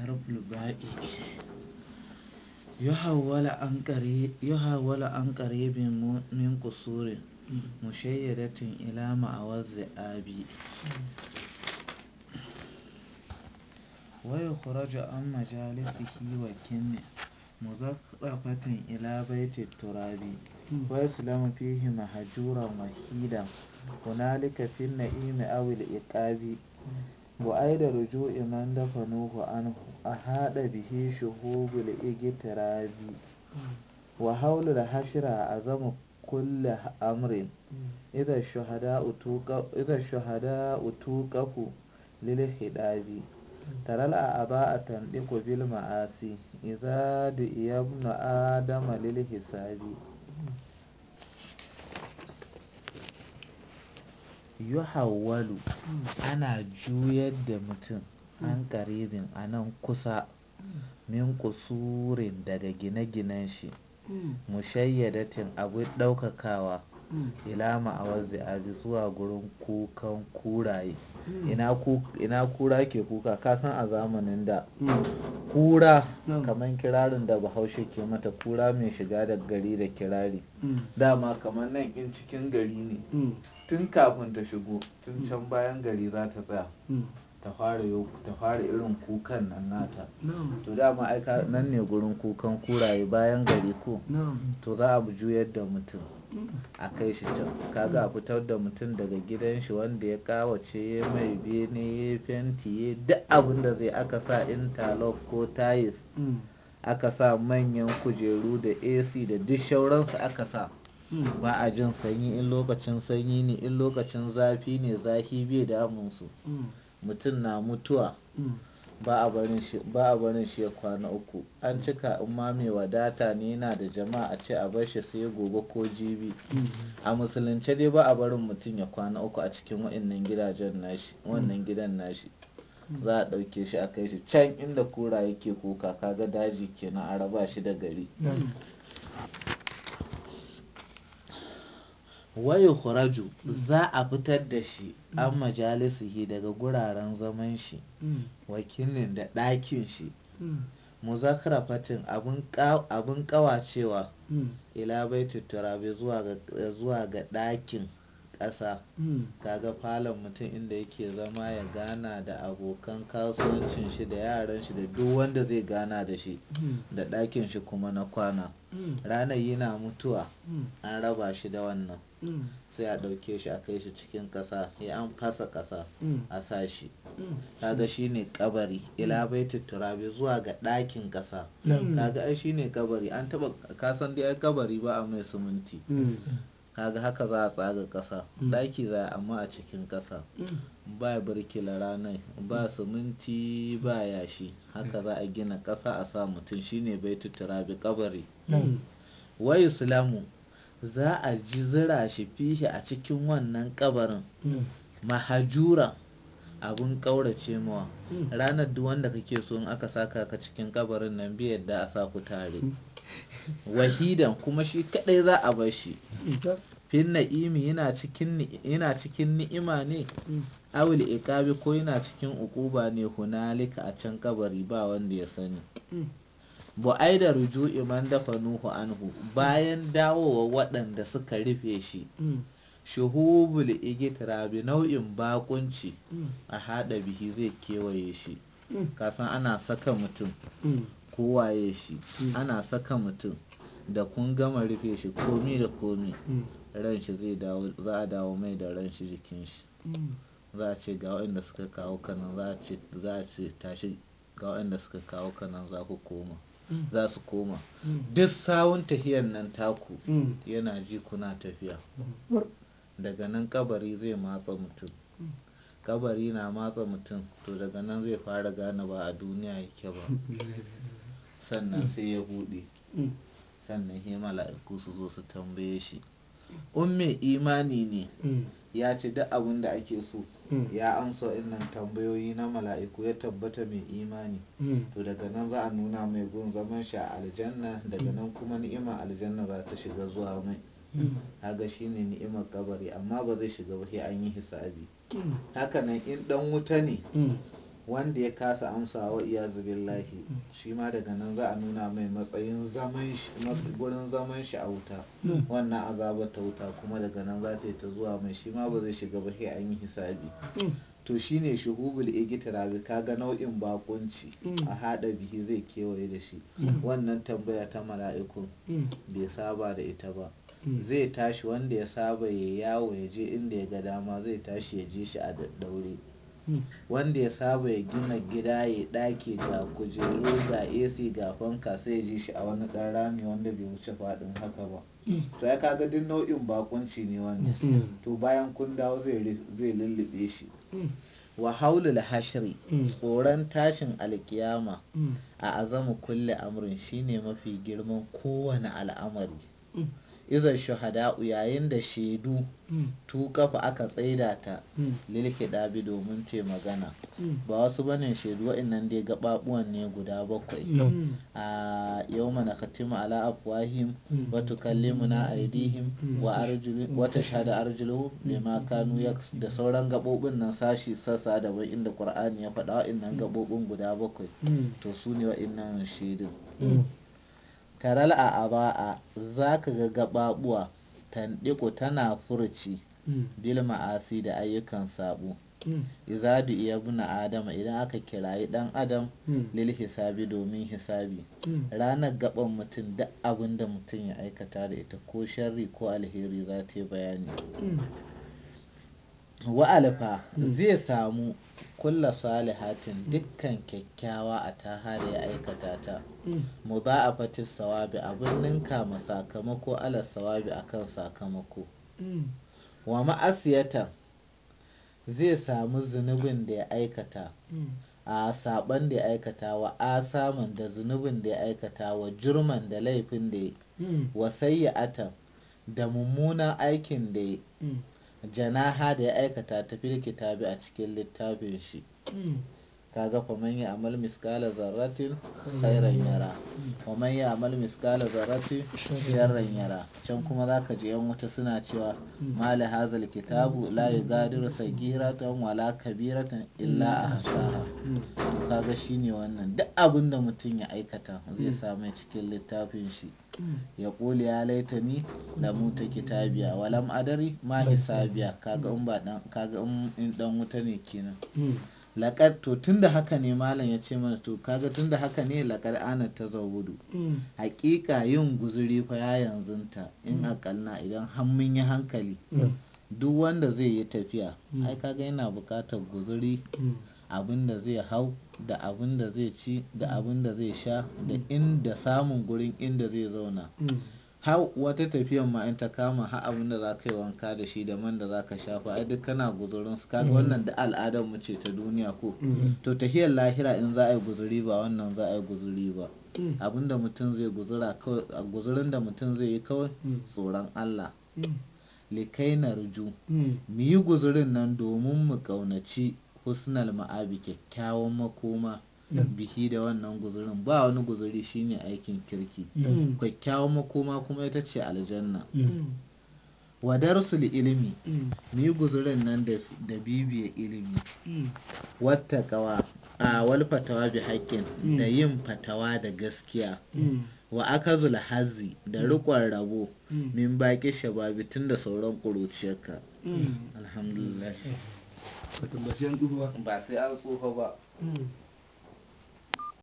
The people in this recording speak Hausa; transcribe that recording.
harful ba'i ya hawala mu ƙaribin min kusurin a ila ma'awar za'abi waya kuraja an majalisi hiwa kinne muzakarfatin ila baiti turabi su islamu fihi mahajura mahidan kuna likafin na'imi awul iqabi bu ai da dafa nuhu an a haɗa bihi shuhubul igitirabi wa hashra da hashira a zama kulle amrin idan shuhada utu ku lil hidabi taral a aba a tanɗi ku bil ma'asi iza da iya adama lil hisabi yuhawwalu ana juyar da mutum an karibin a nan kusa min kusurin daga gine-ginen shi mm. mushayyadatin abu ɗaukakawa ila ma'awar za'abi zuwa gurin kukan kuraye hmm. ina kura ke kuka kasan a zamanin da hmm. kura hmm. kamar kirarin da bahaushe ke mata kura mai shiga da gari da kirari dama kamar nan in cikin gari ne tun kafin ta shigo tun can bayan gari za ta tsaya ta fara ta fara irin kukan nan nata to dama ai nan ne gurin kukan kuraye bayan gari ko to za a juyar da mutum a kai shi can kaga a mm. fitar da mutum daga gidan shi wanda ya kawace ya mai bene ya fenti ya duk abin zai aka sa interlock ko tiles mm. aka sa manyan kujeru da ac da duk shauransu aka sa mm. ba a jin sanyi in lokacin sanyi ne in lokacin zafi ne zafi bai damunsu su mutum na mutuwa mm. ba a barin shi ya kwana uku an cika in mai wadata ne yana da jama'a a ce a bar shi sai gobe ko jibi mm. a musulunce dai ba a barin mutum ya kwana uku a cikin wa'annan gidajen mm. wannan gidan nashi za a ɗauke shi a kai shi can inda kura yake kuka kaga daji kenan a raba shi da gari wayu khuraju za a fitar da shi an majalisihi daga guraren zaman shi mm. wakilin da ɗakin shi mm. fatin abin kawacewa mm. ila baitin turabe zuwa ga ɗakin ƙasa hmm. kaga falon mutum inda yake zama ya gana da abokan kasuwancin shi da yaran shi da duk wanda zai gana da shi hmm. da ɗakin shi kuma na kwana hmm. ranar yana mutuwa an raba shi da wannan sai a ɗauke shi a kai shi cikin ƙasa ya an fasa ƙasa a sa shi kaga ne ƙabari, ila baiti turabi zuwa ga ɗakin ƙasa kaga ai ne ƙabari, an taba kasan dai ai ƙabari ba a mai siminti kaga haka za a tsaga ƙasa mm. ɗaki za amma a cikin ƙasa mm. ba birkila ranar ba siminti ba yashi haka za a gina ƙasa a sa mutum shine baitu turabi kabari mm. wa islamu za a ji zira shi fihi a cikin wannan kabarin mahajura abun ce mawa ranar duk wanda kake so in aka saka ka cikin kabarin nan biyar da a sa ku tare wahidan kuma shi kadai za a bar shi fin na'imi yana cikin ni'ima ne mm. awil ikabi ko yana cikin ukuba ne hunalika a can kabari ba wanda ya sani mm. ai da ruju iman dafa nuhu anhu bayan dawowa waɗanda suka rufe shi mm. shuhubul igitra bi nau'in bakunci a haɗa bihi zai kewaye shi kasan ana saka mutum ko waye shi mm. ana saka mutum da kun gama rufe shi komi da komi mm. ran shi zai dawo za a dawo mai da ran shi jikin shi mm. za a ce ga waɗanda suka kawo kanan za a ce tashi ga waɗanda suka kawo kanan za ku koma za su koma duk sawun tafiyan nan taku yana ji kuna tafiya daga nan kabari zai matsa mutum kabari na matsa mutum to daga nan zai fara gane ba a duniya yake ba sannan sai ya buɗe sannan he mala'iku su zo su tambaye shi umme imani ne ya ce duk abin da ake so ya amsa innan tambayoyi na mala'iku ya tabbata mai imani to daga nan za a nuna mai gun zaman shi a aljanna daga nan kuma ni'imar aljanna za ta shiga zuwa mai Mm. shi ne ni'imar kabari amma ba zai shiga ba an yi hisabi mm. hakanan in dan wuta ne mm. wanda ya kasa amsa wa zubin lahi shi ma daga nan za a nuna mai matsayin zaman shi gurin zaman shi a wuta wannan azabar ta wuta kuma daga nan za ta yi ta zuwa mai shi ma ba zai shiga ba sai an yi hisabi to shi shine shuhubul igitirabi kaga nau'in bakunci a hada bihi zai kewaye da shi wannan tambaya ta mala'iku bai saba da ita ba zai tashi wanda ya saba ya yawo ya je inda ya ga dama zai tashi ya je shi a daddaure hmm. wanda ya saba ya gina gida ya ɗaki ga kujeru ga ac ga fanka sai ya je shi a wani ɗan rami wanda bai wuce faɗin haka ba hmm. to ya kaga duk nau'in bakunci ne wanda to bayan kun dawo zai lullube shi hmm. wa haulul hashri tsoron tashin alkiyama a azama kulle amrin shine mafi girman kowane al'amari izar shahada'u yayin da shaidu mm. tu kafa aka tsaida ta ɗabi mm. domin ce magana mm. ba wasu bane shaidu wa'annan dai gababuwan ne guda bakwai a yau mana katima ala afwahim wa tukallimuna aidihim wa arjulu wa tashhadu da bima kanu da sauran gabobin nan sashi sassa da bai inda qur'ani ya faɗa wa'annan gabobin guda bakwai to su ne wa'annan shaidun taral a aba'a za ka ga gababuwa tandiko tana furuci mm. bil ma'asi da ayyukan sabo mm. izadu iya buna adama idan aka kirayi dan adam mm. lil hisabi domin hisabi ranar gaban mutum da abinda mutum ya aikata da ita ko sharri ko alheri za ta yi bayani wa'alfa zai samu kulla salihatin dukkan kyakkyawa a ta har ya aikata ta mu ba a fati sawabi abin ninka ma sakamako ala sawabi akan sakamako wa ma'asiyatan zai samu zunubin da ya aikata a saban da ya aikata wa asaman da zunubin da ya aikata wa jurman da laifin da ya wa sayyatan da mummunan aikin da ya janaha da ya aikata ta kitabi a cikin littafin shi hmm. kaga faman ya amal miskala zarratin hmm. khairan yara faman ya amal miskala zarratin sharran yara can kuma zaka je yan wata suna cewa hmm. mali hazal kitabu la yugadiru sagiratan wala kabiratan illa a ahsaha kaga shine wannan duk abinda mutum ya aikata zai samu cikin littafin shi ya ƙuli ya laitani lamuta kitabiya walam adari ma hisabiya kaga in in ɗan wuta ne kenan hmm. laƙar to tunda haka ne malam ya ce mana to kaga tunda haka ne laƙar ana ta gudu. Hmm. Haƙiƙa yin guzuri fa ya ta, in hmm. aƙalla idan hannun yi hankali duk wanda zai yi tafiya ai kaga yana buƙatar guzuri abin da zai hau da abin da zai ci da abin da zai sha da inda samun gurin inda zai zauna har wata tafiyan ma in ta kama ha abin da za ka yi wanka da shi da man da za ka shafa ai duk kana guzurin su kaga wannan da al'adar mu ce ta duniya ko to tahiyar lahira in za a yi guzuri ba wannan za a yi guzuri ba abin da mutum zai guzura kawai guzurin da mutum zai yi kawai tsoron Allah likai na ruju mu yi guzurin nan domin mu kaunaci husnal ma'abi kyakkyawan makoma mm. bihi da wannan guzurin ba wani guzuri shine aikin kirki mm. Mm. kyakkyawan makoma kuma ita ce aljanna wa darsul ilimi ni guzurin nan da bibiya ilimi wata kawa a wal fatawa bi haƙƙin da yin fatawa da gaskiya wa aka hazi da riƙon rabo min baƙi shababi tun da sauran ƙuruciyarka alhamdulillah ba sai an tsufa ba hmm.